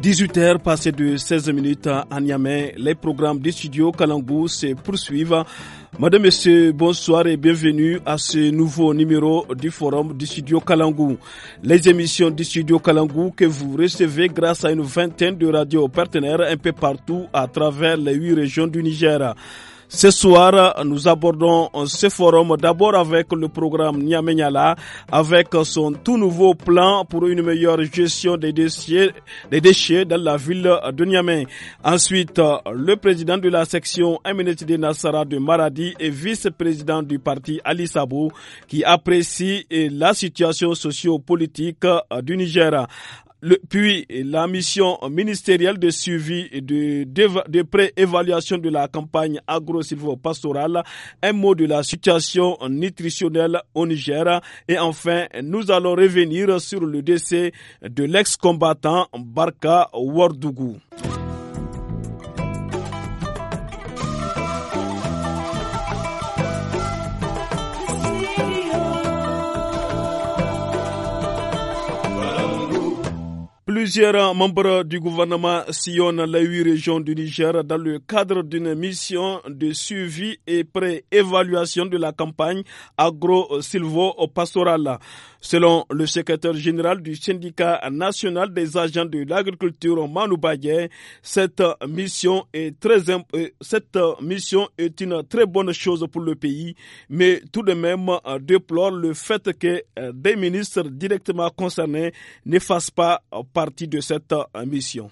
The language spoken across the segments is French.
18h passé de 16 minutes à Niamey, les programmes du studio Kalangou se poursuivent. Madame, Monsieur, bonsoir et bienvenue à ce nouveau numéro du Forum du Studio Kalangou. Les émissions du Studio Kalangou que vous recevez grâce à une vingtaine de radios partenaires un peu partout à travers les huit régions du Niger. Ce soir, nous abordons ce forum d'abord avec le programme Niamenyala, avec son tout nouveau plan pour une meilleure gestion des déchets, des déchets dans la ville de Niamey. Ensuite, le président de la section MNTD Nassara de Maradi et vice-président du parti Ali Sabou qui apprécie la situation sociopolitique du Niger puis la mission ministérielle de suivi et de, de, de pré-évaluation de la campagne agro-silvopastorale, un mot de la situation nutritionnelle au Niger. Et enfin, nous allons revenir sur le décès de l'ex-combattant Barka Wardougou. Niger, membre du gouvernement sillonnent LA huit régions du Niger dans le cadre d'une mission de suivi et pré-évaluation de la campagne agro-silvo-pastorale. Selon le secrétaire général du syndicat national des agents de l'agriculture, Manou Baguet, cette mission est très, euh, cette mission est une très bonne chose pour le pays, mais tout de même euh, déplore le fait que euh, des ministres directement concernés ne fassent pas partie de cette mission.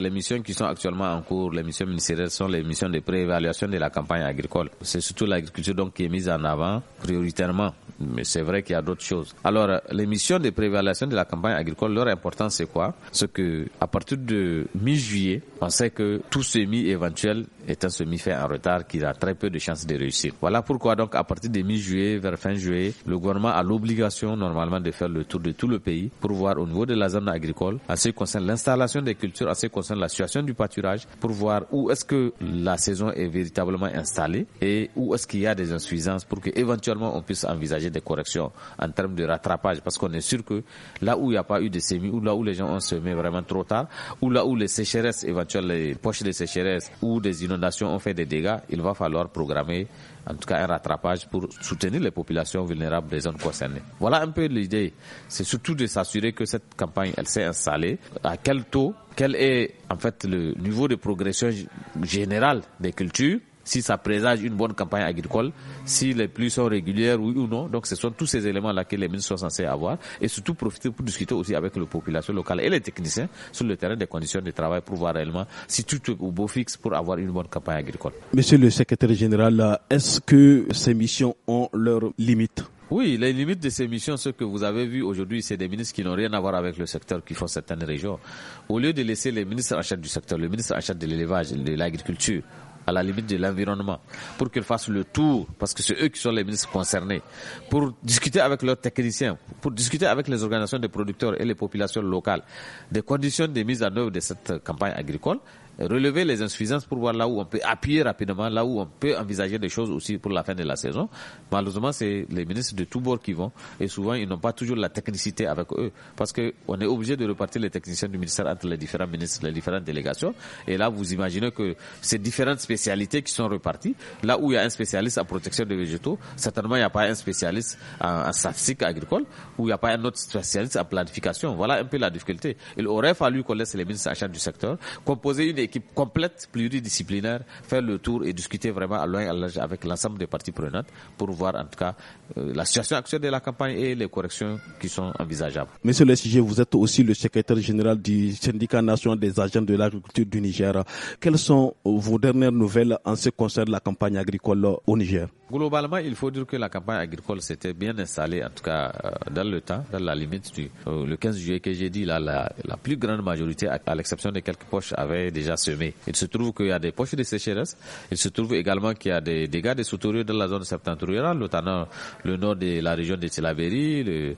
Les missions qui sont actuellement en cours, les missions ministérielles sont les missions de préévaluation de la campagne agricole. C'est surtout l'agriculture donc qui est mise en avant prioritairement, mais c'est vrai qu'il y a d'autres choses. Alors alors, les missions de prévaluation de la campagne agricole, leur importance, c'est quoi Ce que à partir de mi-juillet, on sait que tout semis éventuel est un fait en retard qui a très peu de chances de réussir. Voilà pourquoi donc à partir de mi-juillet vers fin juillet, le gouvernement a l'obligation normalement de faire le tour de tout le pays pour voir au niveau de la zone agricole, à ce qui concerne l'installation des cultures, à ce qui concerne la situation du pâturage, pour voir où est-ce que la saison est véritablement installée et où est-ce qu'il y a des insuffisances pour que éventuellement on puisse envisager des corrections en termes de rattrapage parce qu'on est sûr que là où il n'y a pas eu de semis ou là où les gens ont semé vraiment trop tard ou là où les sécheresses éventuelles, les poches de sécheresses ou des inondations ont fait des dégâts, il va falloir programmer en tout cas un rattrapage pour soutenir les populations vulnérables des zones concernées. Voilà un peu l'idée. C'est surtout de s'assurer que cette campagne, elle s'est installée, à quel taux, quel est en fait le niveau de progression général des cultures si ça présage une bonne campagne agricole, si les pluies sont régulières oui ou non. Donc ce sont tous ces éléments-là que les ministres sont censés avoir et surtout profiter pour discuter aussi avec la population locale et les techniciens sur le terrain des conditions de travail pour voir réellement si tout est au beau fixe pour avoir une bonne campagne agricole. Monsieur le secrétaire général, est-ce que ces missions ont leurs limites oui, les limites de ces missions, ce que vous avez vu aujourd'hui, c'est des ministres qui n'ont rien à voir avec le secteur, qui font certaines régions. Au lieu de laisser les ministres en charge du secteur, le ministre en charge de l'élevage, de l'agriculture, à la limite de l'environnement, pour qu'ils fassent le tour, parce que c'est eux qui sont les ministres concernés, pour discuter avec leurs techniciens, pour discuter avec les organisations des producteurs et les populations locales des conditions de mise en œuvre de cette campagne agricole relever les insuffisances pour voir là où on peut appuyer rapidement, là où on peut envisager des choses aussi pour la fin de la saison. Malheureusement, c'est les ministres de tous bords qui vont et souvent ils n'ont pas toujours la technicité avec eux parce que on est obligé de repartir les techniciens du ministère entre les différents ministres, les différentes délégations. Et là, vous imaginez que ces différentes spécialités qui sont reparties, là où il y a un spécialiste en protection des végétaux, certainement il n'y a pas un spécialiste en, en agricole ou il n'y a pas un autre spécialiste en planification. Voilà un peu la difficulté. Il aurait fallu qu'on laisse les ministres à charge du secteur composer une équipe complète, pluridisciplinaire, faire le tour et discuter vraiment à loin à large avec l'ensemble des parties prenantes pour voir en tout cas euh, la situation actuelle de la campagne et les corrections qui sont envisageables. Monsieur le sujet, vous êtes aussi le secrétaire général du syndicat national des agents de l'agriculture du Niger. Quelles sont euh, vos dernières nouvelles en ce qui concerne la campagne agricole euh, au Niger Globalement, il faut dire que la campagne agricole s'était bien installée, en tout cas dans le temps, dans la limite du le 15 juillet que j'ai dit, là, la, plus grande majorité, à l'exception de quelques poches, avait déjà il se trouve qu'il y a des poches de sécheresse. Il se trouve également qu'il y a des dégâts des sauterelles dans la zone septentrionale, notamment le nord de la région de Tilaberi, euh,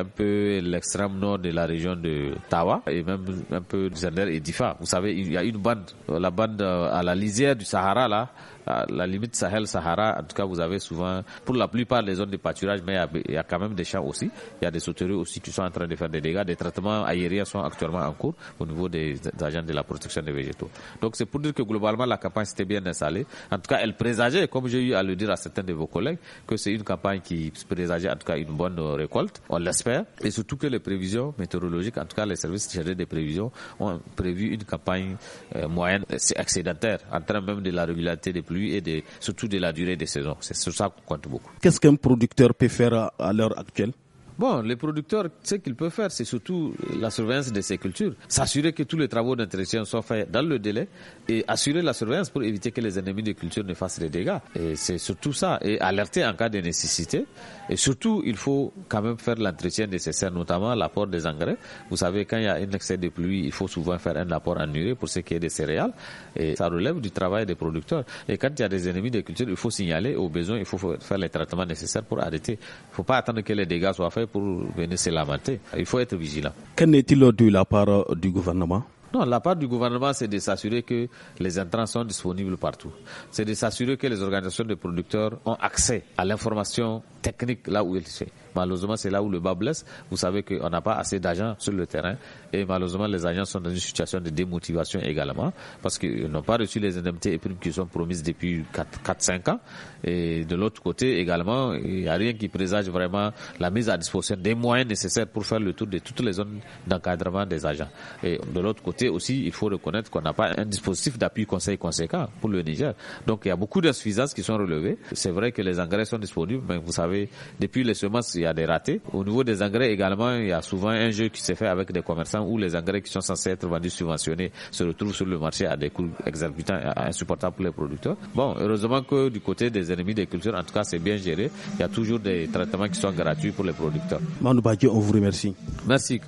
un peu l'extrême nord de la région de Tawa et même un peu du Zender et d'Ifa. Vous savez, il y a une bande, la bande euh, à la lisière du Sahara là, ah, la limite Sahel-Sahara, en tout cas, vous avez souvent, pour la plupart, des zones de pâturage, mais il y, a quand même des champs aussi. Il y a des sauterelles aussi qui sont en train de faire des dégâts. Des traitements aériens sont actuellement en cours au niveau des, agents de la protection des végétaux. Donc, c'est pour dire que globalement, la campagne s'était bien installée. En tout cas, elle présageait, comme j'ai eu à le dire à certains de vos collègues, que c'est une campagne qui présageait en tout cas une bonne récolte. On l'espère. Et surtout que les prévisions météorologiques, en tout cas, les services chargés des prévisions ont prévu une campagne euh, moyenne, moyenne, euh, excédentaire, en train même de la régularité des et surtout de la durée des saisons. C'est sur ça qu'on compte beaucoup. Qu'est-ce qu'un producteur peut faire à l'heure actuelle Bon, les producteurs, ce qu'ils peuvent faire, c'est surtout la surveillance de ces cultures. S'assurer que tous les travaux d'entretien soient faits dans le délai et assurer la surveillance pour éviter que les ennemis des cultures ne fassent des dégâts. Et c'est surtout ça. Et alerter en cas de nécessité. Et surtout, il faut quand même faire l'entretien nécessaire, notamment l'apport des engrais. Vous savez, quand il y a un excès de pluie, il faut souvent faire un apport annulé pour ce qui est des céréales. Et ça relève du travail des producteurs. Et quand il y a des ennemis des cultures, il faut signaler. Au besoin, il faut faire les traitements nécessaires pour arrêter. Il ne faut pas attendre que les dégâts soient faits pour venir se lamenter. Il faut être vigilant. Qu'en est-il de la part euh, du gouvernement non, la part du gouvernement, c'est de s'assurer que les entrants sont disponibles partout. C'est de s'assurer que les organisations de producteurs ont accès à l'information technique là où elle se Malheureusement, c'est là où le bas blesse. Vous savez qu'on n'a pas assez d'agents sur le terrain et malheureusement, les agents sont dans une situation de démotivation également parce qu'ils n'ont pas reçu les indemnités et primes qui sont promises depuis 4-5 ans. Et de l'autre côté également, il n'y a rien qui présage vraiment la mise à disposition des moyens nécessaires pour faire le tour de toutes les zones d'encadrement des agents. Et de l'autre côté aussi, il faut reconnaître qu'on n'a pas un dispositif d'appui conseil conséquent pour le Niger. Donc il y a beaucoup d'insuffisances qui sont relevées. C'est vrai que les engrais sont disponibles, mais vous savez, depuis les semences, il y a des ratés. Au niveau des engrais également, il y a souvent un jeu qui s'est fait avec des commerçants où les engrais qui sont censés être vendus subventionnés se retrouvent sur le marché à des coûts exorbitants et insupportables pour les producteurs. Bon, heureusement que du côté des ennemis des cultures, en tout cas, c'est bien géré. Il y a toujours des traitements qui sont gratuits pour les producteurs. Mandou on vous remercie. Merci.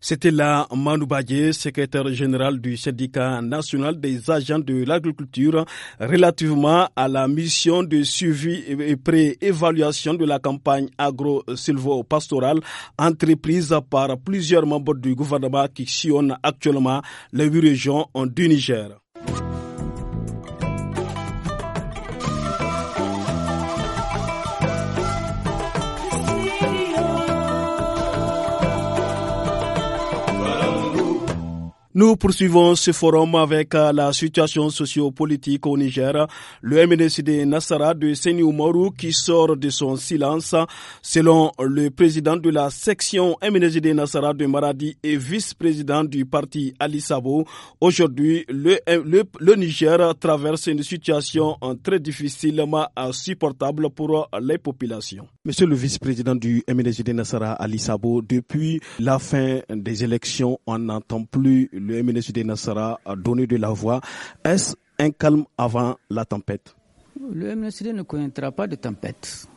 C'était là Manou Badier, secrétaire général du syndicat national des agents de l'agriculture, relativement à la mission de suivi et pré-évaluation de la campagne agro-silvo-pastorale entreprise par plusieurs membres du gouvernement qui sillonnent actuellement les huit régions du Niger. Nous poursuivons ce forum avec euh, la situation sociopolitique au Niger. Le MNCD Nassara de Seni qui sort de son silence. Selon le président de la section MNCD Nassara de Maradi et vice-président du parti Ali Sabo, aujourd'hui, le, euh, Niger traverse une situation euh, très difficilement supportable pour les populations. Monsieur le vice-président du MNSD Nassara Ali Sabo, depuis la fin des élections, on n'entend plus le MNSD Nassara donner de la voix. Est-ce un calme avant la tempête Le MNSD ne connaîtra pas de tempête.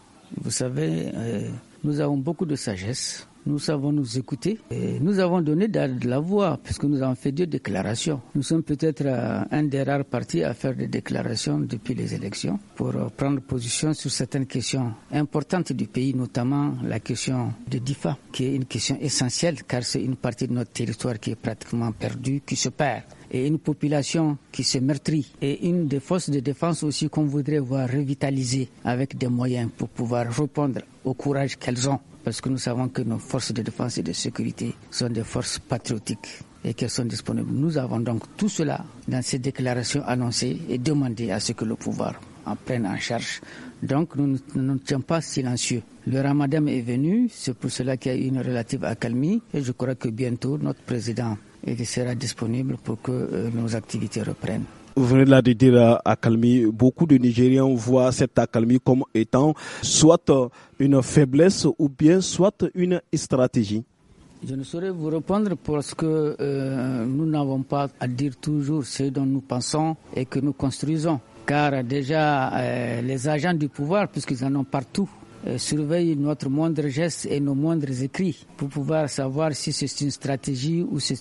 Vous savez, euh, nous avons beaucoup de sagesse nous savons nous écouter. Et nous avons donné de la voix, puisque nous avons fait deux déclarations. Nous sommes peut-être euh, un des rares partis à faire des déclarations depuis les élections pour euh, prendre position sur certaines questions importantes du pays, notamment la question de DIFA, qui est une question essentielle, car c'est une partie de notre territoire qui est pratiquement perdue, qui se perd et une population qui se meurtrit et une des forces de défense aussi qu'on voudrait voir revitaliser avec des moyens pour pouvoir répondre au courage qu'elles ont parce que nous savons que nos forces de défense et de sécurité sont des forces patriotiques et qu'elles sont disponibles. Nous avons donc tout cela dans ces déclarations annoncées et demandé à ce que le pouvoir en prenne en charge. Donc nous ne nous tient pas silencieux. Le ramadan est venu, c'est pour cela qu'il y a une relative accalmie et je crois que bientôt notre président sera disponible pour que euh, nos activités reprennent. Vous venez de dire euh, accalmie. Beaucoup de Nigériens voient cette accalmie comme étant soit euh, une faiblesse ou bien soit une stratégie. Je ne saurais vous répondre parce que euh, nous n'avons pas à dire toujours ce dont nous pensons et que nous construisons. Car déjà, les agents du pouvoir, puisqu'ils en ont partout, euh, surveille notre moindre geste et nos moindres écrits pour pouvoir savoir si c'est une stratégie ou, si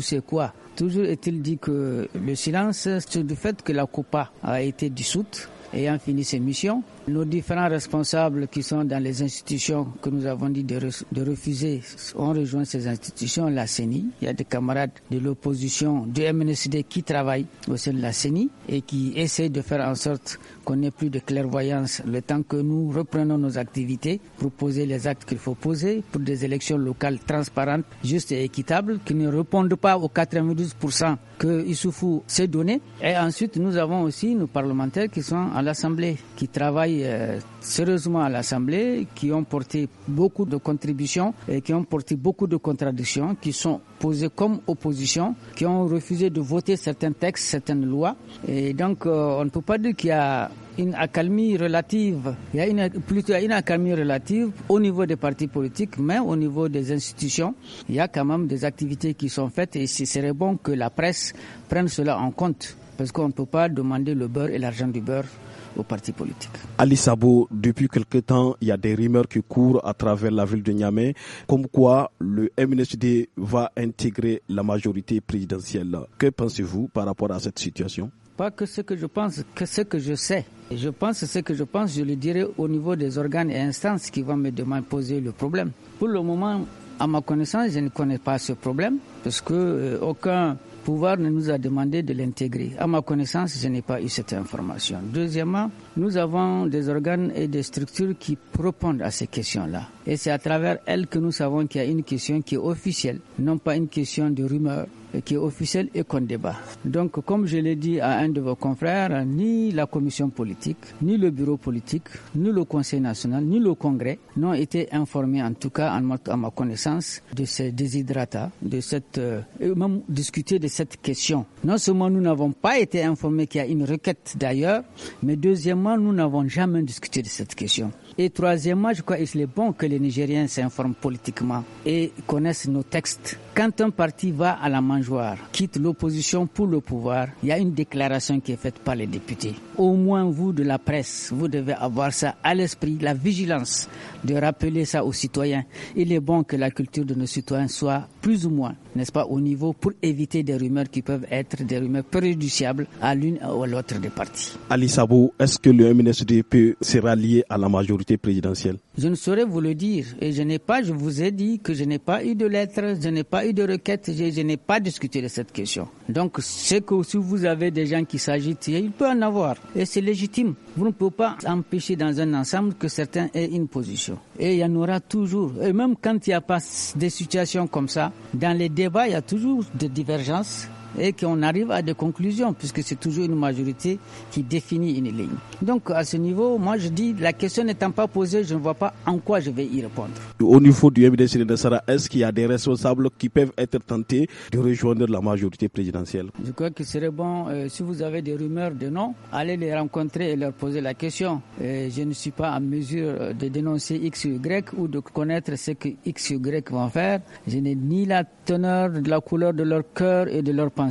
c'est quoi. Toujours est-il dit que le silence, c'est du fait que la COPA a été dissoute ayant fini ses missions, nos différents responsables qui sont dans les institutions que nous avons dit de, refuser ont rejoint ces institutions, la CENI. Il y a des camarades de l'opposition du MNSD qui travaillent au sein de la CENI et qui essaient de faire en sorte qu'on n'ait plus de clairvoyance le temps que nous reprenons nos activités pour poser les actes qu'il faut poser pour des élections locales transparentes, justes et équitables qui ne répondent pas aux 92% que Issoufou s'est donné. Et ensuite, nous avons aussi nos parlementaires qui sont à l'Assemblée, qui travaillent euh, sérieusement à l'Assemblée, qui ont porté beaucoup de contributions et qui ont porté beaucoup de contradictions, qui sont posées comme opposition, qui ont refusé de voter certains textes, certaines lois. Et donc, euh, on ne peut pas dire qu'il y a une accalmie relative. Il y a une, plutôt une accalmie relative au niveau des partis politiques, mais au niveau des institutions, il y a quand même des activités qui sont faites et ce serait bon que la presse prenne cela en compte. Parce qu'on ne peut pas demander le beurre et l'argent du beurre aux partis politiques. Ali Sabo, depuis quelque temps, il y a des rumeurs qui courent à travers la ville de Niamey, comme quoi le MNSD va intégrer la majorité présidentielle. Que pensez-vous par rapport à cette situation Pas que ce que je pense, que ce que je sais. Je pense ce que je pense, je le dirai au niveau des organes et instances qui vont me demander poser le problème. Pour le moment, à ma connaissance, je ne connais pas ce problème, parce que euh, aucun pouvoir ne nous a demandé de l'intégrer. À ma connaissance, je n'ai pas eu cette information. Deuxièmement, nous avons des organes et des structures qui répondent à ces questions-là. Et c'est à travers elles que nous savons qu'il y a une question qui est officielle, non pas une question de rumeur qui est officiel et qu'on débat. Donc, comme je l'ai dit à un de vos confrères, ni la commission politique, ni le bureau politique, ni le Conseil national, ni le Congrès n'ont été informés, en tout cas à ma connaissance, de ces déshydratats, de cette, euh, même discuter de cette question. Non seulement nous n'avons pas été informés qu'il y a une requête d'ailleurs, mais deuxièmement, nous n'avons jamais discuté de cette question. Et troisièmement, je crois qu'il est bon que les Nigériens s'informent politiquement et connaissent nos textes. Quand un parti va à la mangeoire, quitte l'opposition pour le pouvoir, il y a une déclaration qui est faite par les députés. Au moins, vous de la presse, vous devez avoir ça à l'esprit, la vigilance de rappeler ça aux citoyens. Il est bon que la culture de nos citoyens soit plus ou moins, n'est-ce pas, au niveau pour éviter des rumeurs qui peuvent être des rumeurs préjudiciables à l'une ou à l'autre des partis. Ali Sabou, est-ce que le MNSD peut se à la majorité je ne saurais vous le dire. Et je n'ai pas, je vous ai dit que je n'ai pas eu de lettres, je n'ai pas eu de requêtes, je, je n'ai pas discuté de cette question. Donc, c'est que si vous avez des gens qui s'agitent, il peut en avoir. Et c'est légitime. Vous ne pouvez pas empêcher dans un ensemble que certains aient une position. Et il y en aura toujours. Et même quand il n'y a pas des situations comme ça, dans les débats, il y a toujours des divergences et qu'on arrive à des conclusions, puisque c'est toujours une majorité qui définit une ligne. Donc à ce niveau, moi je dis, la question n'étant pas posée, je ne vois pas en quoi je vais y répondre. Au niveau du MDC de Sarah, est-ce qu'il y a des responsables qui peuvent être tentés de rejoindre la majorité présidentielle Je crois qu'il serait bon, euh, si vous avez des rumeurs de non, allez les rencontrer et leur poser la question. Euh, je ne suis pas en mesure euh, de dénoncer X ou Y ou de connaître ce que X ou Y vont faire. Je n'ai ni la teneur, ni la couleur de leur cœur et de leur pensée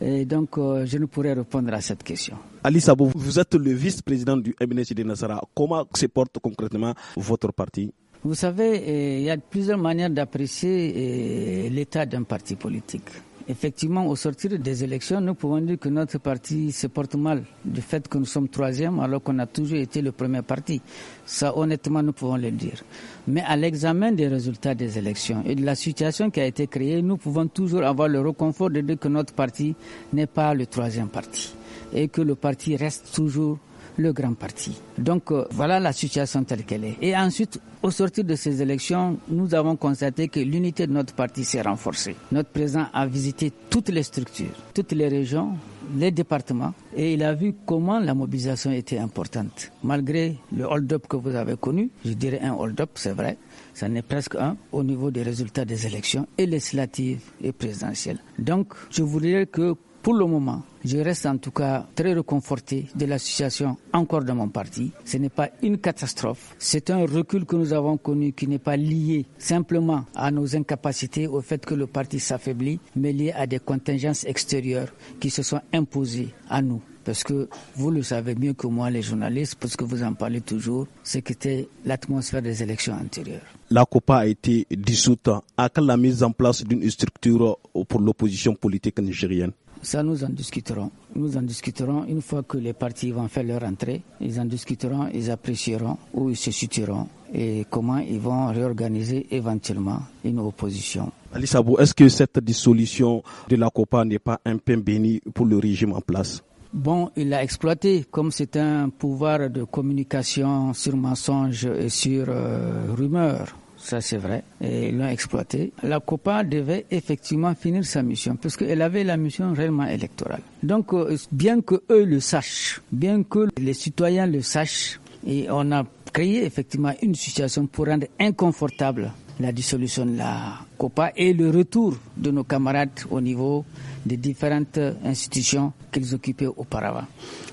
et donc, euh, je ne pourrais répondre à cette question. Alice Abou, vous êtes le vice-président du de Nassara. Comment se porte concrètement votre parti Vous savez, il y a plusieurs manières d'apprécier l'état d'un parti politique. Effectivement, au sortir des élections, nous pouvons dire que notre parti se porte mal du fait que nous sommes troisième alors qu'on a toujours été le premier parti. Ça, honnêtement, nous pouvons le dire. Mais à l'examen des résultats des élections et de la situation qui a été créée, nous pouvons toujours avoir le reconfort de dire que notre parti n'est pas le troisième parti et que le parti reste toujours le grand parti. Donc euh, voilà la situation telle qu'elle est. Et ensuite, au sortir de ces élections, nous avons constaté que l'unité de notre parti s'est renforcée. Notre président a visité toutes les structures, toutes les régions, les départements et il a vu comment la mobilisation était importante. Malgré le hold-up que vous avez connu, je dirais un hold-up, c'est vrai, ça n'est presque un au niveau des résultats des élections et législatives et présidentielles. Donc, je voudrais que pour le moment, je reste en tout cas très reconforté de l'association encore dans mon parti. Ce n'est pas une catastrophe, c'est un recul que nous avons connu qui n'est pas lié simplement à nos incapacités, au fait que le parti s'affaiblit, mais lié à des contingences extérieures qui se sont imposées à nous. Parce que vous le savez mieux que moi, les journalistes, parce que vous en parlez toujours, ce qu'était l'atmosphère des élections antérieures. La COPA a été dissoute. À la mise en place d'une structure pour l'opposition politique nigérienne ça, nous en discuterons. Nous en discuterons une fois que les partis vont faire leur entrée. Ils en discuteront, ils apprécieront où ils se situeront et comment ils vont réorganiser éventuellement une opposition. Ali est-ce que cette dissolution de la COPA n'est pas un pain béni pour le régime en place Bon, il l'a exploité comme c'est un pouvoir de communication sur mensonge et sur euh, rumeur. Ça, c'est vrai. Et il l'a exploité. La COPA devait effectivement finir sa mission, parce qu'elle avait la mission réellement électorale. Donc, euh, bien que eux le sachent, bien que les citoyens le sachent, et on a créé effectivement une situation pour rendre inconfortable la dissolution de la COPA et le retour de nos camarades au niveau des différentes institutions qu'ils occupaient auparavant.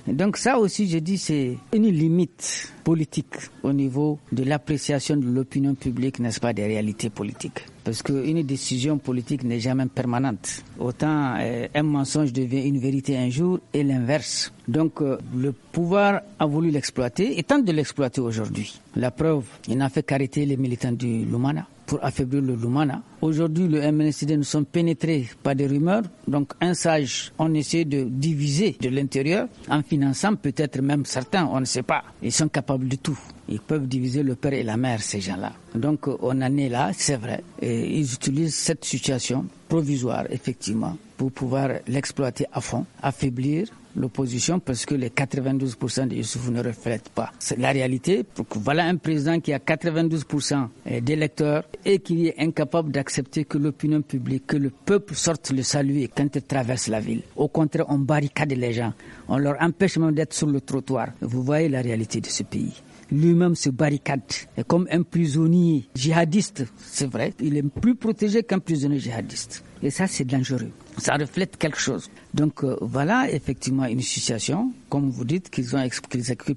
donc ça aussi, je dis, c'est une limite politique au niveau de l'appréciation de l'opinion publique, n'est-ce pas, des réalités politiques. Parce qu'une décision politique n'est jamais permanente. Autant euh, un mensonge devient une vérité un jour et l'inverse. Donc euh, le pouvoir a voulu l'exploiter et tente de l'exploiter aujourd'hui. La preuve, il n'a fait qu'arrêter les militants du Lumana pour affaiblir le Lumana. Aujourd'hui, le MNCD, nous sommes pénétrés par des rumeurs. Donc, un sage, on essaie de diviser de l'intérieur en finançant peut-être même certains, on ne sait pas. Ils sont capables de tout. Ils peuvent diviser le père et la mère, ces gens-là. Donc, on en est là, c'est vrai. Et ils utilisent cette situation provisoire, effectivement, pour pouvoir l'exploiter à fond, affaiblir l'opposition parce que les 92% de Youssouf ne reflètent pas. C'est la réalité. Voilà un président qui a 92% eh, d'électeurs et qui est incapable d'accepter que l'opinion publique, que le peuple sorte le saluer quand il traverse la ville. Au contraire, on barricade les gens. On leur empêche même d'être sur le trottoir. Vous voyez la réalité de ce pays lui-même se barricade et comme un prisonnier djihadiste, c'est vrai, il est plus protégé qu'un prisonnier djihadiste. Et ça, c'est dangereux ça reflète quelque chose. Donc euh, voilà effectivement une situation, comme vous dites, qu'ils ont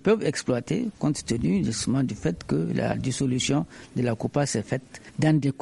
peuvent exploiter compte tenu justement du fait que la dissolution de la COPA s'est faite dans des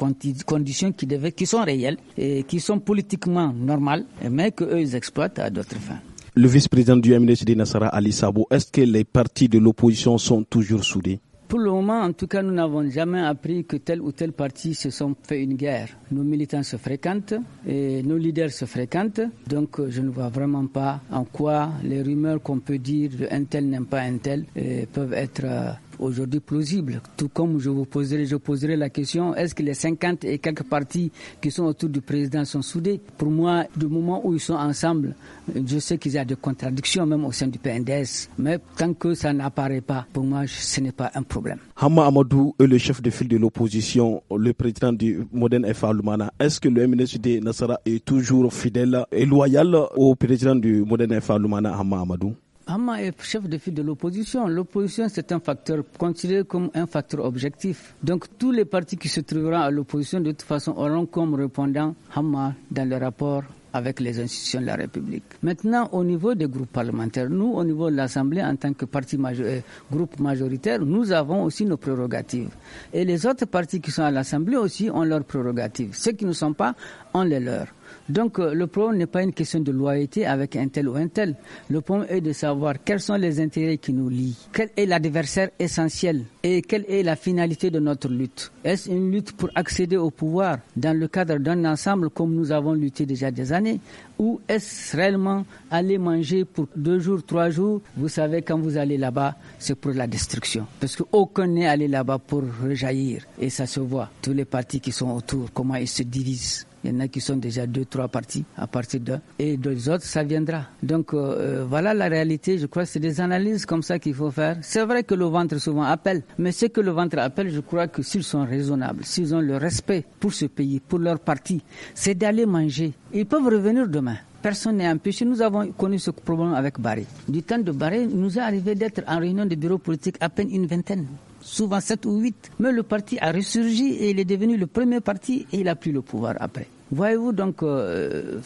conditions qui, devaient, qui sont réelles et qui sont politiquement normales, mais qu'eux ils exploitent à d'autres fins. Le vice-président du MNCD, Nassara Ali Sabo, est-ce que les partis de l'opposition sont toujours soudés pour le moment, en tout cas, nous n'avons jamais appris que tel ou tel parti se sont fait une guerre. Nos militants se fréquentent et nos leaders se fréquentent. Donc, je ne vois vraiment pas en quoi les rumeurs qu'on peut dire de tel n'aime pas un tel euh, peuvent être euh, aujourd'hui plausible. Tout comme je vous poserai, je poserai la question, est-ce que les 50 et quelques partis qui sont autour du président sont soudés Pour moi, du moment où ils sont ensemble, je sais qu'il y a des contradictions même au sein du PNDS. Mais tant que ça n'apparaît pas, pour moi, ce n'est pas un problème. Hamma Amadou est le chef de file de l'opposition, le président du Modène FA Lumana. Est-ce que le MNSD Nassara est toujours fidèle et loyal au président du Modène FA Lumana, Hamma Amadou Hama est chef de file de l'opposition. L'opposition, c'est un facteur considéré comme un facteur objectif. Donc tous les partis qui se trouveront à l'opposition, de toute façon, auront comme répondant Hama dans le rapport avec les institutions de la République. Maintenant, au niveau des groupes parlementaires, nous, au niveau de l'Assemblée, en tant que parti euh, groupe majoritaire, nous avons aussi nos prérogatives. Et les autres partis qui sont à l'Assemblée aussi ont leurs prérogatives. Ceux qui ne sont pas ont les leurs. Donc euh, le problème n'est pas une question de loyauté avec un tel ou un tel. Le problème est de savoir quels sont les intérêts qui nous lient, quel est l'adversaire essentiel et quelle est la finalité de notre lutte. Est-ce une lutte pour accéder au pouvoir dans le cadre d'un ensemble comme nous avons lutté déjà des années ou est-ce réellement aller manger pour deux jours, trois jours Vous savez, quand vous allez là-bas, c'est pour la destruction. Parce aucun n'est allé là-bas pour rejaillir. Et ça se voit. Tous les partis qui sont autour, comment ils se divisent. Il y en a qui sont déjà deux, trois partis à partir d'un. Et deux autres, ça viendra. Donc euh, euh, voilà la réalité. Je crois que c'est des analyses comme ça qu'il faut faire. C'est vrai que le ventre souvent appelle. Mais ce que le ventre appelle, je crois que s'ils sont raisonnables, s'ils ont le respect pour ce pays, pour leur parti, c'est d'aller manger. Ils peuvent revenir demain personne n'est empêché. Nous avons connu ce problème avec Barré. Du temps de Barré, il nous est arrivé d'être en réunion de bureaux politiques à peine une vingtaine souvent 7 ou 8. Mais le parti a ressurgi et il est devenu le premier parti et il a pris le pouvoir après. Voyez-vous donc, euh,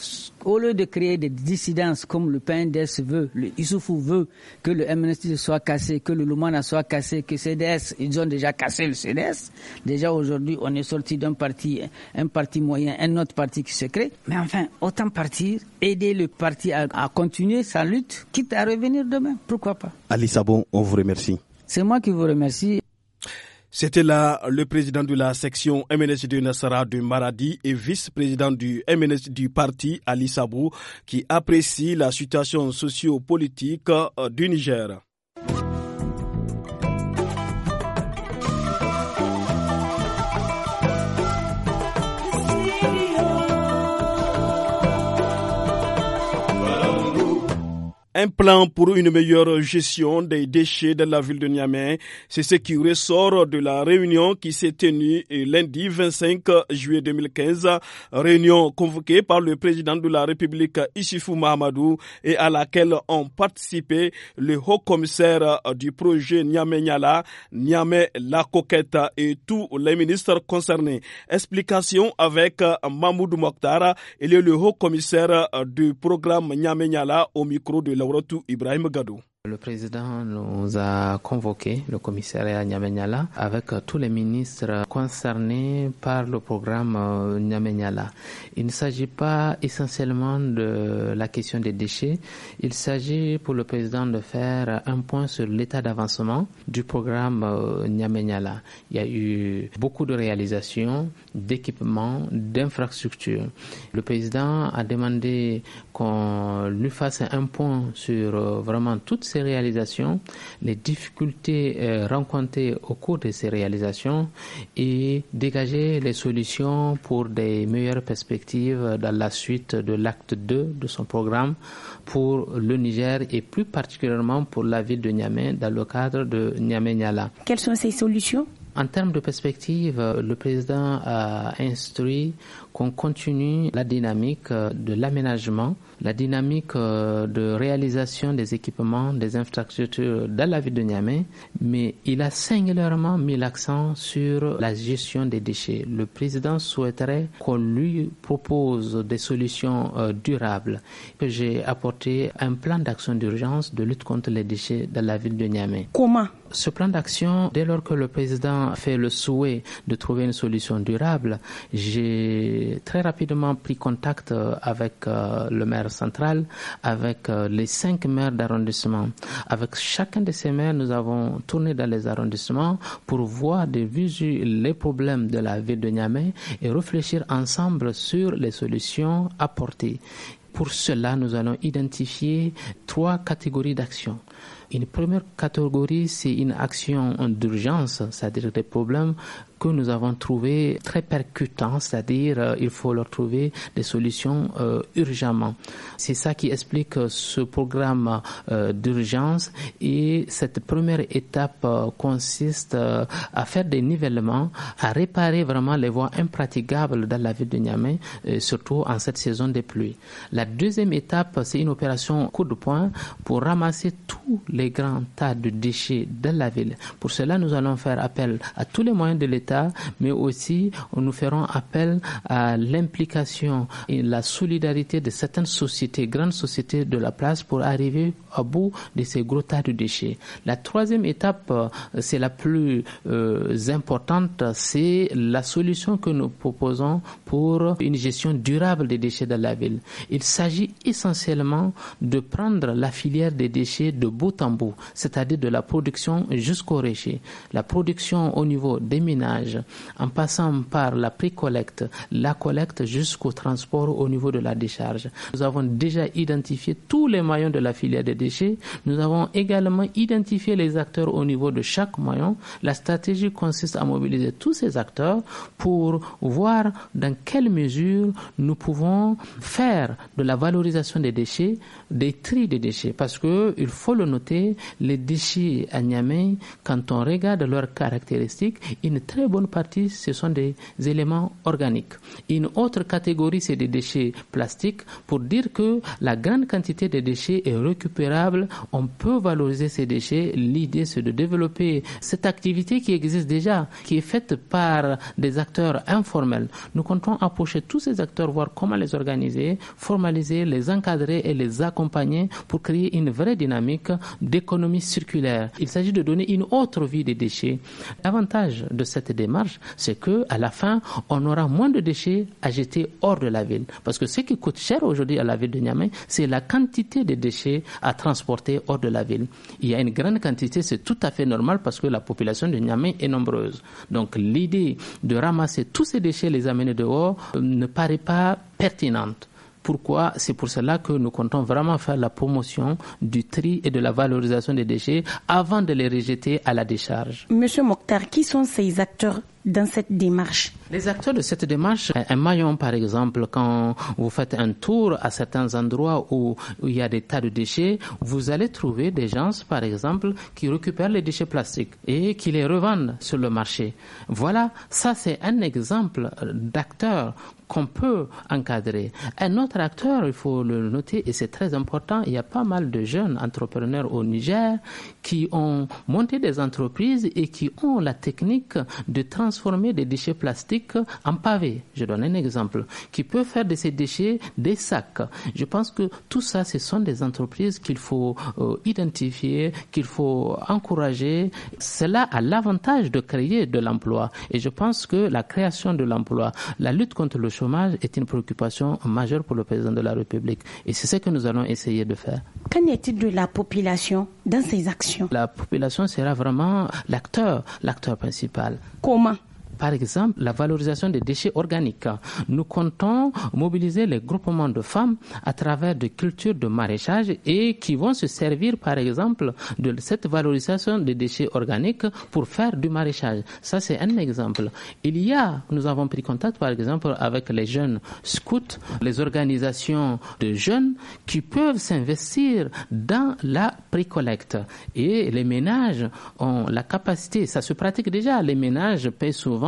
au lieu de créer des dissidences comme le PNDS veut, le Issoufou veut que le MNST soit cassé, que le Lumana soit cassé, que CDS, ils ont déjà cassé le CDS. Déjà aujourd'hui, on est sorti d'un parti, un parti moyen, un autre parti qui se crée. Mais enfin, autant partir, aider le parti à, continuer sa lutte, quitte à revenir demain. Pourquoi pas À Lisbonne on vous remercie. C'est moi qui vous remercie. C'était là le président de la section de Nassara de Maradi et vice-président du MNS du parti Ali Sabou qui apprécie la situation socio-politique euh, du Niger. Un plan pour une meilleure gestion des déchets de la ville de Niamey, c'est ce qui ressort de la réunion qui s'est tenue lundi 25 juillet 2015, réunion convoquée par le président de la République Issoufou Mahamadou et à laquelle ont participé le haut commissaire du projet Niamey Niala, Niamey la coquette et tous les ministres concernés. Explication avec Mahmoud Mokhtar, il est le haut commissaire du programme Niamey Niala au micro de la Sauratu Ibrahim Gadu. Le président nous a convoqué, le commissariat Nyamenyala, avec tous les ministres concernés par le programme euh, Nyamenyala. Il ne s'agit pas essentiellement de la question des déchets. Il s'agit pour le président de faire un point sur l'état d'avancement du programme euh, Nyamenyala. Il y a eu beaucoup de réalisations, d'équipements, d'infrastructures. Le président a demandé qu'on lui fasse un point sur euh, vraiment toutes ces réalisations, les difficultés euh, rencontrées au cours de ces réalisations et dégager les solutions pour des meilleures perspectives dans la suite de l'acte 2 de son programme pour le Niger et plus particulièrement pour la ville de Niamey dans le cadre de Niamey-Niala. Quelles sont ces solutions en termes de perspectives, le président a instruit qu'on continue la dynamique euh, de l'aménagement, la dynamique euh, de réalisation des équipements, des infrastructures dans la ville de Niamey, mais il a singulièrement mis l'accent sur la gestion des déchets. Le président souhaiterait qu'on lui propose des solutions euh, durables. J'ai apporté un plan d'action d'urgence de lutte contre les déchets dans la ville de Niamey. Comment ce plan d'action, dès lors que le président fait le souhait de trouver une solution durable, j'ai très rapidement pris contact euh, avec euh, le maire central, avec euh, les cinq maires d'arrondissement. Avec chacun de ces maires, nous avons tourné dans les arrondissements pour voir de visu les problèmes de la ville de Niamey et réfléchir ensemble sur les solutions apportées. Pour cela, nous allons identifier trois catégories d'actions. Une première catégorie, c'est une action d'urgence, c'est-à-dire des problèmes que nous avons trouvé très percutant, c'est-à-dire euh, il faut leur trouver des solutions euh, urgemment. C'est ça qui explique euh, ce programme euh, d'urgence et cette première étape consiste à faire des nivellements, à réparer vraiment les voies impraticables dans la ville de Niamey, surtout en cette saison des pluies. La deuxième étape, c'est une opération coup de poing pour ramasser tous les grands tas de déchets de la ville. Pour cela, nous allons faire appel à tous les moyens de l'État mais aussi nous ferons appel à l'implication et la solidarité de certaines sociétés, grandes sociétés de la place pour arriver au bout de ces gros tas de déchets. La troisième étape, euh, c'est la plus euh, importante, c'est la solution que nous proposons pour une gestion durable des déchets dans la ville. Il s'agit essentiellement de prendre la filière des déchets de bout en bout, c'est-à-dire de la production jusqu'au rejet, la production au niveau des ménages, en passant par la pré-collecte, la collecte jusqu'au transport au niveau de la décharge. Nous avons déjà identifié tous les maillons de la filière des déchets. Nous avons également identifié les acteurs au niveau de chaque maillon. La stratégie consiste à mobiliser tous ces acteurs pour voir dans quelle mesure nous pouvons faire de la valorisation des déchets, des tri des déchets. Parce que, il faut le noter, les déchets à Niamey, quand on regarde leurs caractéristiques, une très bonne partie, ce sont des éléments organiques. Une autre catégorie, c'est des déchets plastiques. Pour dire que la grande quantité de déchets est récupérable, on peut valoriser ces déchets. L'idée, c'est de développer cette activité qui existe déjà, qui est faite par des acteurs informels. Nous comptons approcher tous ces acteurs, voir comment les organiser, formaliser, les encadrer et les accompagner pour créer une vraie dynamique d'économie circulaire. Il s'agit de donner une autre vie des déchets. L'avantage de cette démarche, c'est que à la fin, on aura moins de déchets à jeter hors de la ville. Parce que ce qui coûte cher aujourd'hui à la ville de Niamey, c'est la quantité de déchets à transporter hors de la ville. Il y a une grande quantité, c'est tout à fait normal parce que la population de Niamey est nombreuse. Donc l'idée de ramasser tous ces déchets, les amener dehors, euh, ne paraît pas pertinente. Pourquoi C'est pour cela que nous comptons vraiment faire la promotion du tri et de la valorisation des déchets avant de les rejeter à la décharge. Monsieur Mokhtar, qui sont ces acteurs dans cette démarche. Les acteurs de cette démarche, un maillon par exemple, quand vous faites un tour à certains endroits où, il y a des tas de déchets, vous allez trouver des gens, par exemple, qui récupèrent les déchets plastiques et qui les revendent sur le marché. Voilà, ça c'est un exemple d'acteur qu'on peut encadrer. Un autre acteur, il faut le noter, et c'est très important, il y a pas mal de jeunes entrepreneurs au Niger qui ont monté des entreprises et qui ont la technique de transformer transformer des déchets plastiques en pavés. Je donne un exemple. Qui peut faire de ces déchets des sacs. Je pense que tout ça, ce sont des entreprises qu'il faut euh, identifier, qu'il faut encourager. Cela a l'avantage de créer de l'emploi. Et je pense que la création de l'emploi, la lutte contre le chômage est une préoccupation majeure pour le président de la République. Et c'est ce que nous allons essayer de faire. Qu'en est-il de la population dans ces actions La population sera vraiment l'acteur, l'acteur principal. Comment par exemple, la valorisation des déchets organiques. Nous comptons mobiliser les groupements de femmes à travers des cultures de maraîchage et qui vont se servir, par exemple, de cette valorisation des déchets organiques pour faire du maraîchage. Ça, c'est un exemple. Il y a, nous avons pris contact, par exemple, avec les jeunes scouts, les organisations de jeunes qui peuvent s'investir dans la précollecte. Et les ménages ont la capacité, ça se pratique déjà, les ménages paient souvent 1000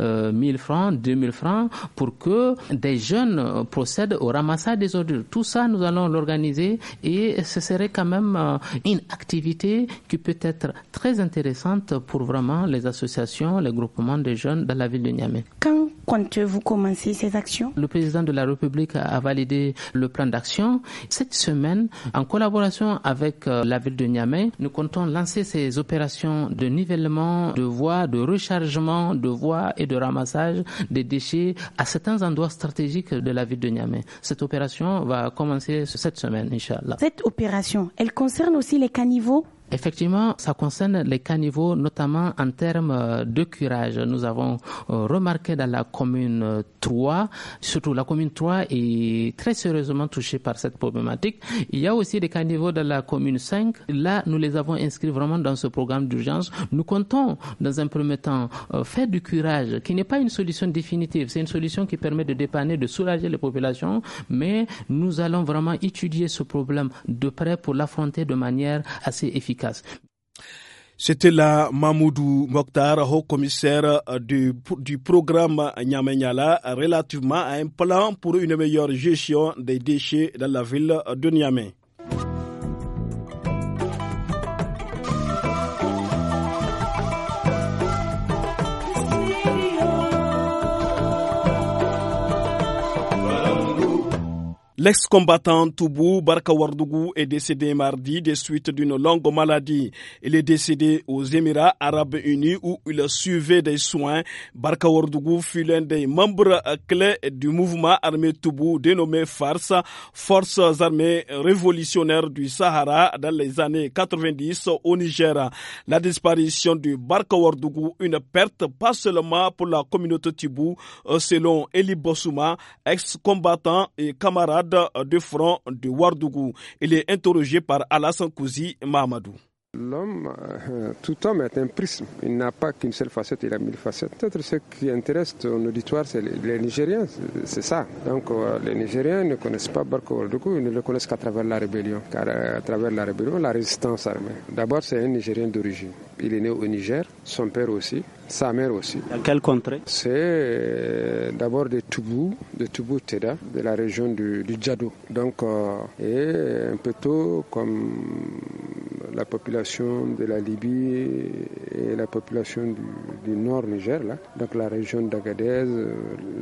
euh, francs, 2000 francs pour que des jeunes euh, procèdent au ramassage des ordures. Tout ça, nous allons l'organiser et ce serait quand même euh, une activité qui peut être très intéressante pour vraiment les associations, les groupements de jeunes dans la ville de Niamey. Quand comptez-vous commencer ces actions Le président de la République a validé le plan d'action. Cette semaine, en collaboration avec la ville de Niamey, nous comptons lancer ces opérations de nivellement de voies, de rechargement de et de ramassage des déchets à certains endroits stratégiques de la ville de Niamey. Cette opération va commencer cette semaine, Inch'Allah. Cette opération, elle concerne aussi les caniveaux Effectivement, ça concerne les caniveaux, notamment en termes euh, de curage. Nous avons euh, remarqué dans la commune 3, euh, surtout la commune 3 est très sérieusement touchée par cette problématique. Il y a aussi des caniveaux dans la commune 5. Là, nous les avons inscrits vraiment dans ce programme d'urgence. Nous comptons, dans un premier temps, faire du curage, qui n'est pas une solution définitive. C'est une solution qui permet de dépanner, de soulager les populations, mais nous allons vraiment étudier ce problème de près pour l'affronter de manière assez efficace. C'était la Mamoudou Mokhtar, haut-commissaire euh, du, programme niamey relativement à un plan pour une meilleure gestion des déchets dans la ville de Niamey. L'ex-combattant Toubou Barka Wardougou est décédé mardi des suites d'une longue maladie. Il est décédé aux Émirats arabes unis où il suivait des soins. Barka Wardougou fut l'un des membres clés du mouvement armé Toubou dénommé FARS, Forces armées révolutionnaires du Sahara dans les années 90 au Niger. La disparition du Barka Wardougou, une perte pas seulement pour la communauté Toubou, euh, selon Elie Bossouma, ex-combattant et camarade de front de Wardougou. Il est interrogé par Alassane Kouzi Mahamadou. L'homme, euh, tout homme est un prisme. Il n'a pas qu'une seule facette, il a mille facettes. Peut-être ce qui intéresse ton auditoire, c'est les, Nigériens, c'est ça. Donc euh, les Nigériens ne connaissent pas Barco Wardougou ils ne le connaissent qu'à travers la rébellion, car euh, à travers la rébellion, la résistance armée. D'abord, c'est un Nigérien d'origine. Il est né au Niger, son père aussi sa mère aussi. Dans quelle contrée C'est euh, d'abord des Toubou, de Toubou Teda, de la région du, du Donc, euh, et euh, un peu tôt, comme la population de la Libye et la population du, nord Niger, là. donc la région d'Agadez,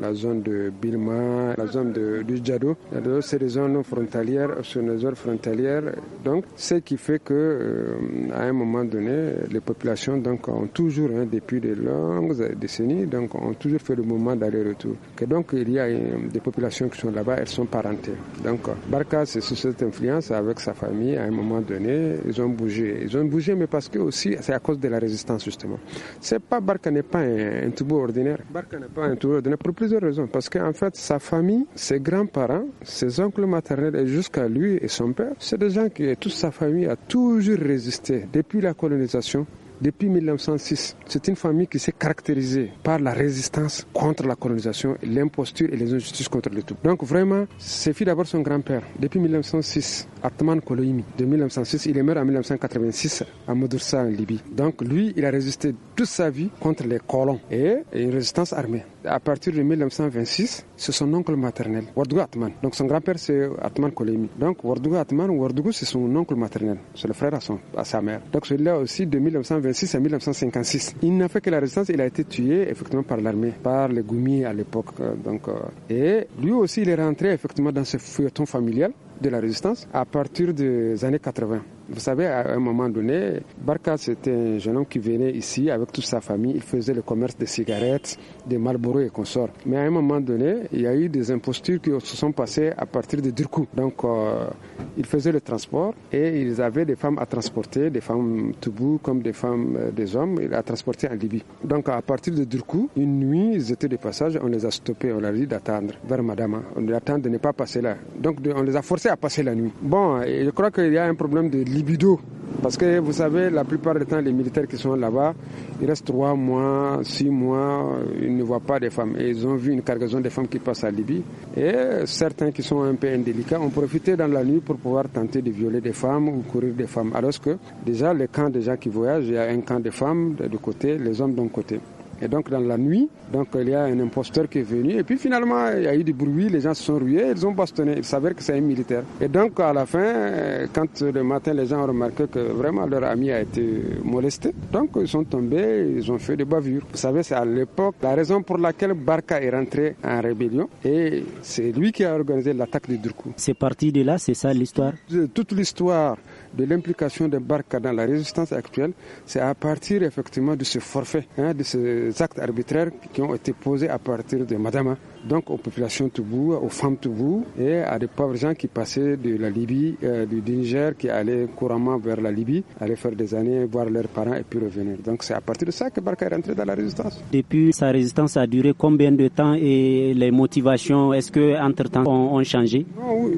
la zone de Bilma, la zone du Djado, c'est des zones frontalières, sur les zones frontalières. Donc, ce qui fait que, à un moment donné, les populations donc, ont toujours, hein, depuis de longues décennies, donc ont toujours fait le mouvement d'aller-retour. Et donc il y a euh, des populations qui sont là-bas, elles sont parentées. Donc Barca, c'est sous cette influence avec sa famille, à un moment donné, ils ont bougé. Ils ont bougé, mais parce que aussi, c'est à cause de la résistance justement. C'est pas Barca n'est pas un, tout ordinaire. Barca n'est pas un tour ordinaire pour plusieurs raisons. Parce qu'en fait, sa famille, ses grands-parents, ses oncles maternels et jusqu'à lui et son père, c'est des gens qui, toute sa famille a toujours résisté depuis la colonisation depuis 1906, c'est une famille qui s'est caractérisée par la résistance contre la colonisation, l'imposture et les injustices contre le tout. Donc vraiment, c'est fille d'abord son grand-père. Depuis 1906, Atman Koloimi, de 1906, il est mort en 1986 à Modursa en Libye. Donc lui, il a résisté toute sa vie contre les colons et une résistance armée. À partir de 1926, c'est son oncle maternel, Wardougou Atman. Donc son grand-père, c'est Atman Koloimi. Donc Wardougou Atman, Wardougou, c'est son oncle maternel. C'est le frère à, son, à sa mère. Donc celui-là aussi, de 1926, en 1956. Il n'a fait que la résistance, il a été tué effectivement par l'armée, par les Goumi à l'époque. Euh, donc, euh, et lui aussi, il est rentré effectivement dans ce feuilleton familial de la résistance à partir des années 80. Vous savez, à un moment donné, Barka, c'était un jeune homme qui venait ici avec toute sa famille. Il faisait le commerce des cigarettes, des Marlboro et consorts. Mais à un moment donné, il y a eu des impostures qui se sont passées à partir de Durkou. Donc, euh, il faisait le transport et ils avaient des femmes à transporter, des femmes Toubou comme des femmes, euh, des hommes, à transporter en Libye. Donc, à partir de Durkou, une nuit, ils étaient de passage, on les a stoppés, on leur a dit d'attendre vers Madama. On les attend de ne pas passer là. Donc, on les a forcés à passer la nuit. Bon, je crois qu'il y a un problème de libido. Parce que vous savez, la plupart du temps, les militaires qui sont là-bas, ils restent trois mois, six mois, ils ne voient pas des femmes. Et ils ont vu une cargaison de femmes qui passent à Libye. Et certains qui sont un peu indélicats ont profité dans la nuit pour pouvoir tenter de violer des femmes ou courir des femmes. Alors que déjà, les camps des gens qui voyagent, il y a un camp de femmes de côté, les hommes d'un côté. Et donc dans la nuit, donc il y a un imposteur qui est venu. Et puis finalement, il y a eu du bruit, les gens se sont rués, ils ont bastonné. Il s'avère que c'est un militaire. Et donc à la fin, euh, quand le matin les gens ont remarqué que vraiment leur ami a été molesté, donc ils sont tombés, ils ont fait des bavures. Vous savez, c'est à l'époque la raison pour laquelle Barka est rentré en rébellion. Et c'est lui qui a organisé l'attaque de Durkou. C'est parti de là, c'est ça l'histoire Toute l'histoire de l'implication de Barca dans la résistance actuelle, c'est à partir effectivement de ce forfait, hein, de ces actes arbitraires qui ont été posés à partir de Madame donc aux populations Toubou, aux femmes Toubou et à des pauvres gens qui passaient de la Libye, euh, du Niger, qui allaient couramment vers la Libye, aller faire des années, voir leurs parents et puis revenir. Donc c'est à partir de ça que Barca est rentré dans la résistance. Depuis sa résistance a duré combien de temps et les motivations, est-ce que entre-temps ont, changé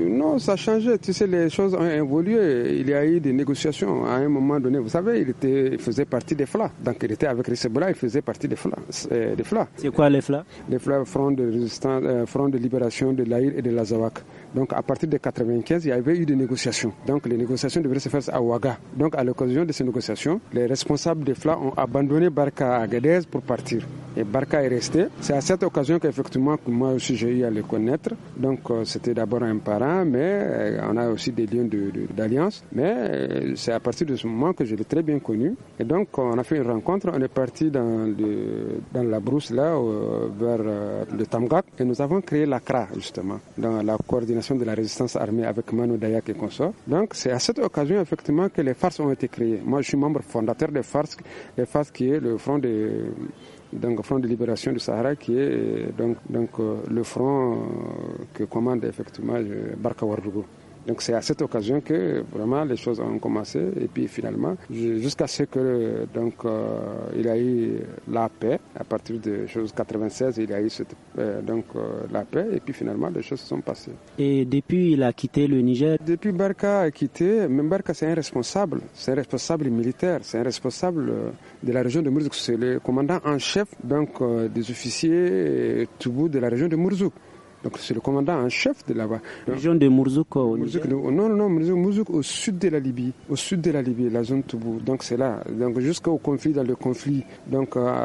non, ça a changé. Tu sais, les choses ont évolué. Il y a eu des négociations à un moment donné. Vous savez, il, était, faisait partie des FLA. Donc il était avec les Recebola, il faisait partie des FLA. C'est quoi les FLA Les FLA font de résistance euh, Front de libération de l'Aïr et de l'Azawak. Donc à partir de 1995, il y avait eu des négociations. Donc les négociations devraient se faire à Ouaga. Donc à l'occasion de ces négociations, les responsables de FLA ont abandonné Barca à Agadez pour partir. Et Barca est resté. C'est à cette occasion qu'effectivement, moi aussi j'ai eu à le connaître. Donc euh, c'était d'abord un parent, mais euh, on a aussi des liens d'alliance. mais euh, c'est à partir de ce moment que je l'ai très bien connu. Et donc on a fait une rencontre, on est parti dans, dans la brousse là, vers le Tamgak, et nous avons créé l'ACRA justement, dans la coordination de la résistance armée avec Manu Dayak et consorts. Donc c'est à cette occasion effectivement que les FARS ont été créées. Moi je suis membre fondateur des FARC, les FARS qui est le front de donc Front de libération du Sahara qui est donc, donc euh, le front euh, que commande effectivement euh, Barka Warrugo. Donc c'est à cette occasion que vraiment les choses ont commencé et puis finalement jusqu'à ce que donc euh, il y a eu la paix à partir de 1996, il y a eu euh, donc euh, la paix et puis finalement les choses se sont passées. Et depuis il a quitté le Niger. Depuis Barka a quitté, même Barka c'est un responsable, c'est un responsable militaire, c'est un responsable de la région de Mourzouk, c'est le commandant en chef donc des officiers tout bout de la région de Mourzouk. Donc c'est le commandant en chef de là-bas. Hein? Région de Mourzouk au non, au sud de la Libye, au sud de la Libye, la zone Toubou. Donc c'est là. Donc jusqu'au conflit, dans le conflit euh,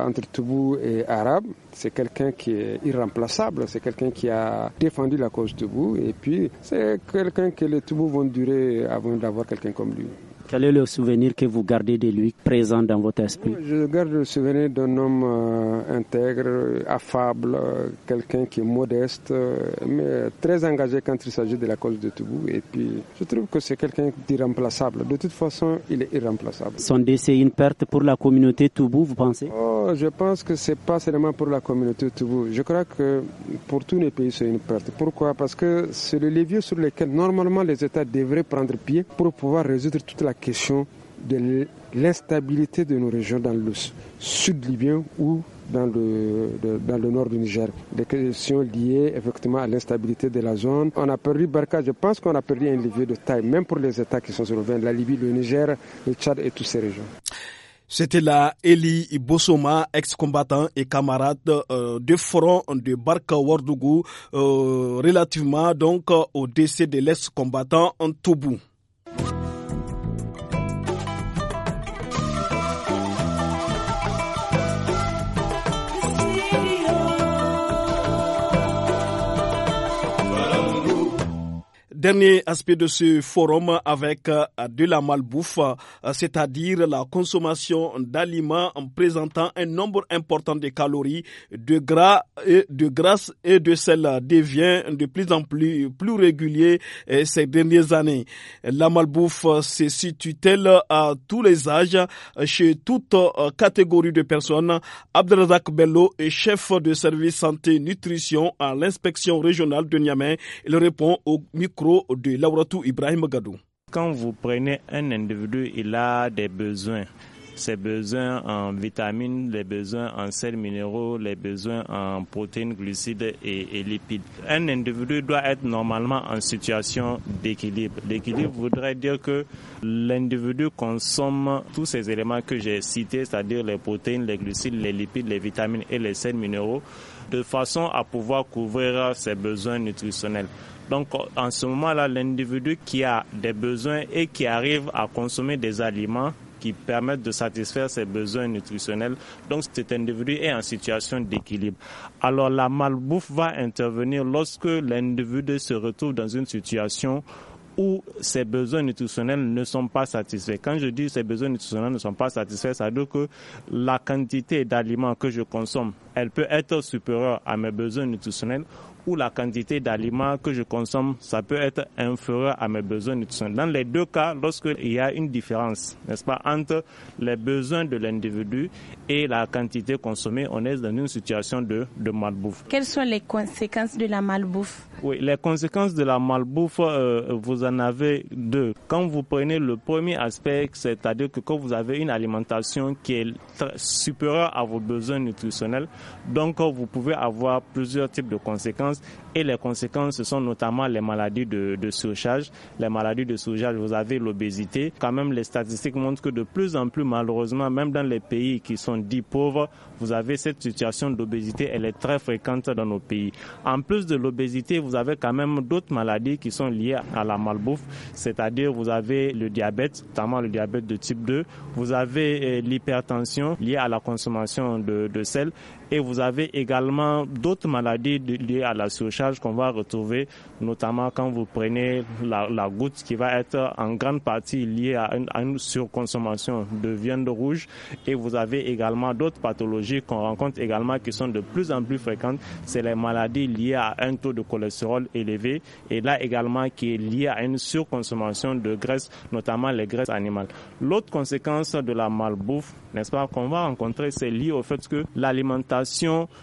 entre Toubou et Arabe, c'est quelqu'un qui est irremplaçable. C'est quelqu'un qui a défendu la cause Toubou. Et puis c'est quelqu'un que les Toubou vont durer avant d'avoir quelqu'un comme lui. Quel est le souvenir que vous gardez de lui présent dans votre esprit Je garde le souvenir d'un homme euh, intègre, affable, euh, quelqu'un qui est modeste, euh, mais très engagé quand il s'agit de la cause de Toubou. Et puis, je trouve que c'est quelqu'un d'irremplaçable. De toute façon, il est irremplaçable. Son décès est une perte pour la communauté Toubou, vous pensez oh, Je pense que c'est pas seulement pour la communauté Toubou. Je crois que pour tous les pays, c'est une perte. Pourquoi Parce que c'est le levier sur lequel normalement les États devraient prendre pied pour pouvoir résoudre toute la question de l'instabilité de nos régions dans le sud libyen ou dans le, dans le nord du Niger. Des questions liées effectivement à l'instabilité de la zone. On a perdu Barca, je pense qu'on a perdu un levier de taille, même pour les États qui sont sur le vin, la Libye, le Niger, le Tchad et toutes ces régions. C'était là Eli Bossoma, ex-combattant et camarade euh, de front de Barka Wardougou, euh, relativement donc au décès de l'ex-combattant en Tobou. Dernier aspect de ce forum avec euh, de la malbouffe, euh, c'est-à-dire la consommation d'aliments en présentant un nombre important de calories, de gras, et de grasse et de sel euh, devient de plus en plus plus régulier ces dernières années. La malbouffe se situe-t-elle à tous les âges, chez toute catégorie de personnes Abdelazak Bello est chef de service santé nutrition à l'inspection régionale de Niamey. Il répond au micro de Ibrahim Gadou. Quand vous prenez un individu, il a des besoins ses besoins en vitamines, les besoins en sels minéraux, les besoins en protéines, glucides et, et, lipides. Un individu doit être normalement en situation d'équilibre. L'équilibre voudrait dire que l'individu consomme tous ces éléments que j'ai cités, c'est-à-dire les protéines, les glucides, les lipides, les vitamines et les sels minéraux, de façon à pouvoir couvrir ses besoins nutritionnels. Donc en ce moment-là, l'individu qui a des besoins et qui arrive à consommer des aliments qui permettent de satisfaire ses besoins nutritionnels. Donc cet individu est en situation d'équilibre. Alors la malbouffe va intervenir lorsque l'individu se retrouve dans une situation où ses besoins nutritionnels ne sont pas satisfaits. Quand je dis ses besoins nutritionnels ne sont pas satisfaits, ça veut dire que la quantité d'aliments que je consomme, elle peut être supérieure à mes besoins nutritionnels ou la quantité d'aliments que je consomme, ça peut être inférieur à mes besoins nutritionnels. Dans les deux cas, lorsqu'il y a une différence, n'est-ce pas, entre les besoins de l'individu et la quantité consommée, on est dans une situation de, malbouffe. Quelles sont les conséquences de la malbouffe Oui, les conséquences de la malbouffe, euh, vous en avez deux. Quand vous prenez le premier aspect, c'est-à-dire que quand vous avez une alimentation qui est supérieure à vos besoins nutritionnels, donc vous pouvez avoir plusieurs types de conséquences et les conséquences, ce sont notamment les maladies de, de surcharge. Les maladies de surcharge, vous avez l'obésité. Quand même, les statistiques montrent que de plus en plus, malheureusement, même dans les pays qui sont dits pauvres, vous avez cette situation d'obésité. Elle est très fréquente dans nos pays. En plus de l'obésité, vous avez quand même d'autres maladies qui sont liées à la malbouffe, c'est-à-dire vous avez le diabète, notamment le diabète de type 2, vous avez euh, l'hypertension liée à la consommation de, de sel et vous avez également d'autres maladies liées à la surcharge qu'on va retrouver, notamment quand vous prenez la, goutte qui va être en grande partie liée à une, surconsommation de viande rouge. Et vous avez également d'autres pathologies qu'on rencontre également qui sont de plus en plus fréquentes. C'est les maladies liées à un taux de cholestérol élevé et là également qui est lié à une surconsommation de graisses, notamment les graisses animales. L'autre conséquence de la malbouffe, n'est-ce pas, qu'on va rencontrer, c'est lié au fait que l'alimentation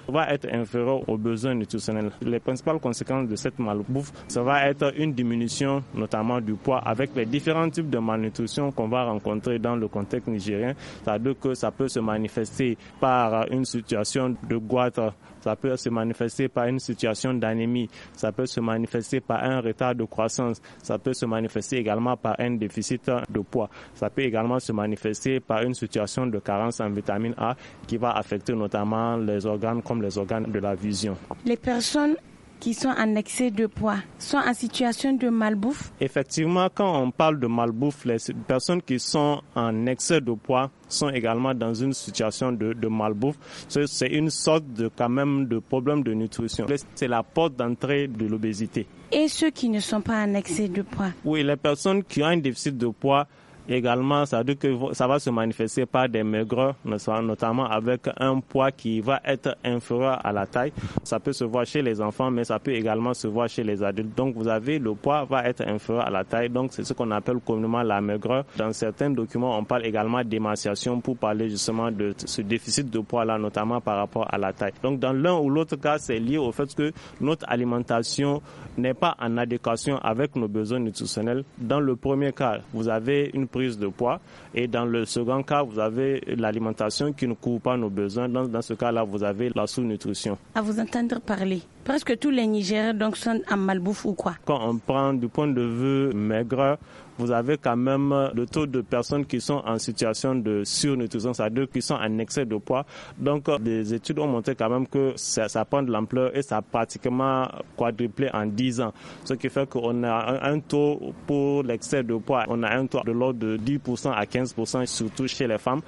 va être inférieure aux besoins nutritionnels. Les principales conséquences de cette malbouffe, ça va être une diminution notamment du poids avec les différents types de malnutrition qu'on va rencontrer dans le contexte nigérien. C'est-à-dire que ça peut se manifester par une situation de goitre ça peut se manifester par une situation d'anémie, ça peut se manifester par un retard de croissance, ça peut se manifester également par un déficit de poids, ça peut également se manifester par une situation de carence en vitamine A qui va affecter notamment les organes comme les organes de la vision. Les personnes qui sont en excès de poids sont en situation de malbouffe Effectivement, quand on parle de malbouffe, les personnes qui sont en excès de poids sont également dans une situation de, malbouffe. C'est une sorte de quand même de problème de nutrition. C'est la porte d'entrée de l'obésité. Et ceux qui ne sont pas en excès de poids Oui, les personnes qui ont un déficit de poids également, ça veut que ça va se manifester par des maigreurs, notamment avec un poids qui va être inférieur à la taille. Ça peut se voir chez les enfants, mais ça peut également se voir chez les adultes. Donc, vous avez le poids va être inférieur à la taille. Donc, c'est ce qu'on appelle communément la maigreur. Dans certains documents, on parle également d'émaciation pour parler justement de ce déficit de poids-là, notamment par rapport à la taille. Donc, dans l'un ou l'autre cas, c'est lié au fait que notre alimentation n'est pas en adéquation avec nos besoins nutritionnels. Dans le premier cas, vous avez une de poids. Et dans le second cas, vous avez l'alimentation qui ne couvre pas nos besoins. Dans, dans ce cas-là, vous avez la sous-nutrition. À vous entendre parler, presque tous les Nigériens donc sont en malbouffe ou quoi Quand on prend du point de vue maigre, vous avez quand même euh, le taux de personnes qui sont en situation de surnutrition, c'est-à-dire qui sont en excès de poids. Donc, euh, des études ont montré quand même que ça, prend de l'ampleur et ça a pratiquement quadruplé en 10 ans. Ce qui fait qu'on a un, taux pour l'excès de poids, on a un taux de l'ordre de 10% à 15%, surtout chez les femmes.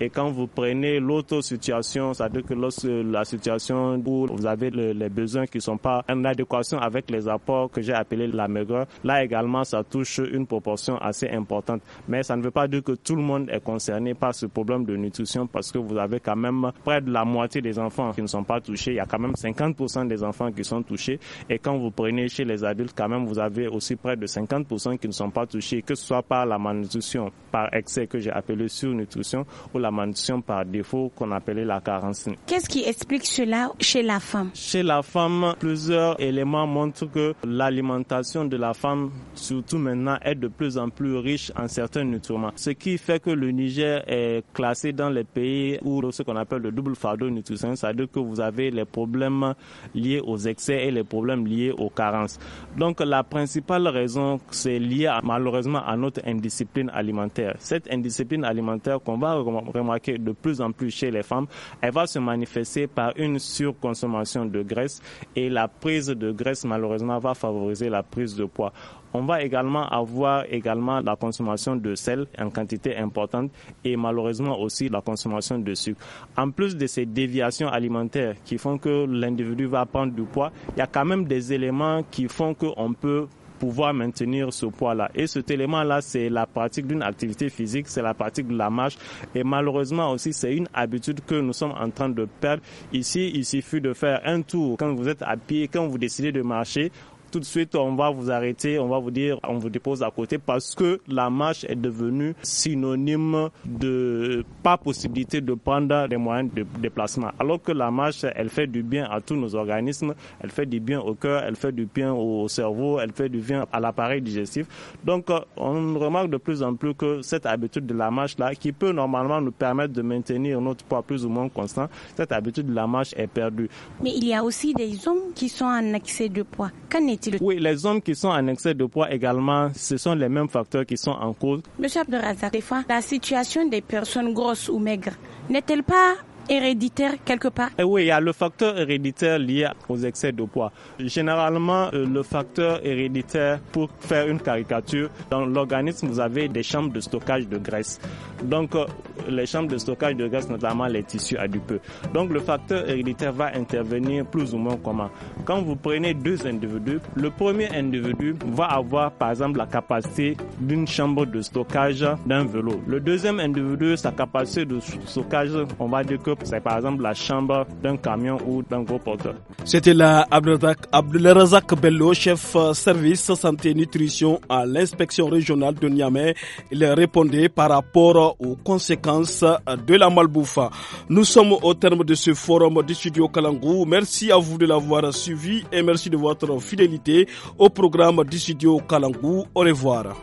Et quand vous prenez l'autre situation, c'est-à-dire que lorsque la situation où vous avez les besoins qui ne sont pas en adéquation avec les apports que j'ai appelés la maigreur, là également, ça touche une proportion assez importante. Mais ça ne veut pas dire que tout le monde est concerné par ce problème de nutrition parce que vous avez quand même près de la moitié des enfants qui ne sont pas touchés. Il y a quand même 50% des enfants qui sont touchés. Et quand vous prenez chez les adultes, quand même, vous avez aussi près de 50% qui ne sont pas touchés, que ce soit par la malnutrition par excès que j'ai appelé surnutrition ou la malnutrition par défaut qu'on appelait la carence. Qu'est-ce qui explique cela chez la femme Chez la femme, plusieurs éléments montrent que l'alimentation de la femme, surtout maintenant, est de plus en plus riche en certains nutriments. Ce qui fait que le Niger est classé dans les pays où ce qu'on appelle le double fardeau nutritionnel, c'est-à-dire que vous avez les problèmes liés aux excès et les problèmes liés aux carences. Donc la principale raison, c'est lié malheureusement à notre indiscipline alimentaire. Cette indiscipline alimentaire qu'on va remarquer de plus en plus chez les femmes, elle va se manifester par une surconsommation de graisse et la prise de graisse malheureusement va favoriser la prise de poids. On va également avoir également la consommation de sel en quantité importante et malheureusement aussi la consommation de sucre. En plus de ces déviations alimentaires qui font que l'individu va prendre du poids, il y a quand même des éléments qui font qu'on peut pouvoir maintenir ce poids-là. Et cet élément-là, c'est la pratique d'une activité physique, c'est la pratique de la marche. Et malheureusement aussi, c'est une habitude que nous sommes en train de perdre. Ici, il suffit de faire un tour. Quand vous êtes à pied, quand vous décidez de marcher, tout de suite, on va vous arrêter, on va vous dire, on vous dépose à côté parce que la marche est devenue synonyme de pas possibilité de prendre des moyens de déplacement. Alors que la marche, elle fait du bien à tous nos organismes, elle fait du bien au cœur, elle fait du bien au cerveau, elle fait du bien à l'appareil digestif. Donc, euh, on remarque de plus en plus que cette habitude de la marche-là, qui peut normalement nous permettre de maintenir notre poids plus ou moins constant, cette habitude de la marche est perdue. Mais il y a aussi des hommes qui sont en excès de poids. Oui, les hommes qui sont en excès de poids également, ce sont les mêmes facteurs qui sont en cause. Monsieur Abdelrazak, des fois, la situation des personnes grosses ou maigres n'est-elle pas héréditaire quelque part eh Oui, il y a le facteur héréditaire lié aux excès de poids. Généralement, euh, le facteur héréditaire, pour faire une caricature, dans l'organisme, vous avez des chambres de stockage de graisse. Donc, euh, les chambres de stockage de graisse, notamment les tissus adipeux. Donc, le facteur héréditaire va intervenir plus ou moins comment Quand vous prenez deux individus, le premier individu va avoir, par exemple, la capacité d'une chambre de stockage d'un vélo. Le deuxième individu, sa capacité de stockage, on va dire que c'est par exemple la chambre d'un camion ou d'un gros porteur. C'était là Abdelrazak Bello, chef euh, service santé et nutrition à l'inspection régionale de Niamey. Il répondait par rapport aux conséquences de la malbouffe. Nous sommes au terme de ce forum du studio Kalangou. Merci à vous de l'avoir suivi et merci de votre fidélité au programme du studio Kalangou. Au revoir.